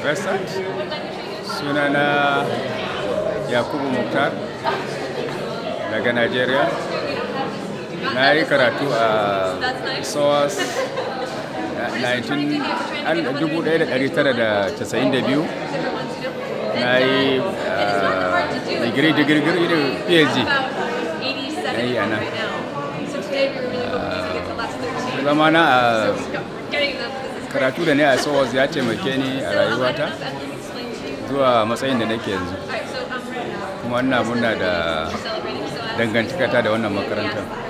restaurant sunana yakubu muktar daga nigeria na yi karatu a soas 1992 na yi digiri digiri phd na yi ana zamana a karatu da ne a SOWOS ya taimake ni a rayuwata zuwa matsayin da nake yanzu kuma ina muna da dangantakata da wannan makarantar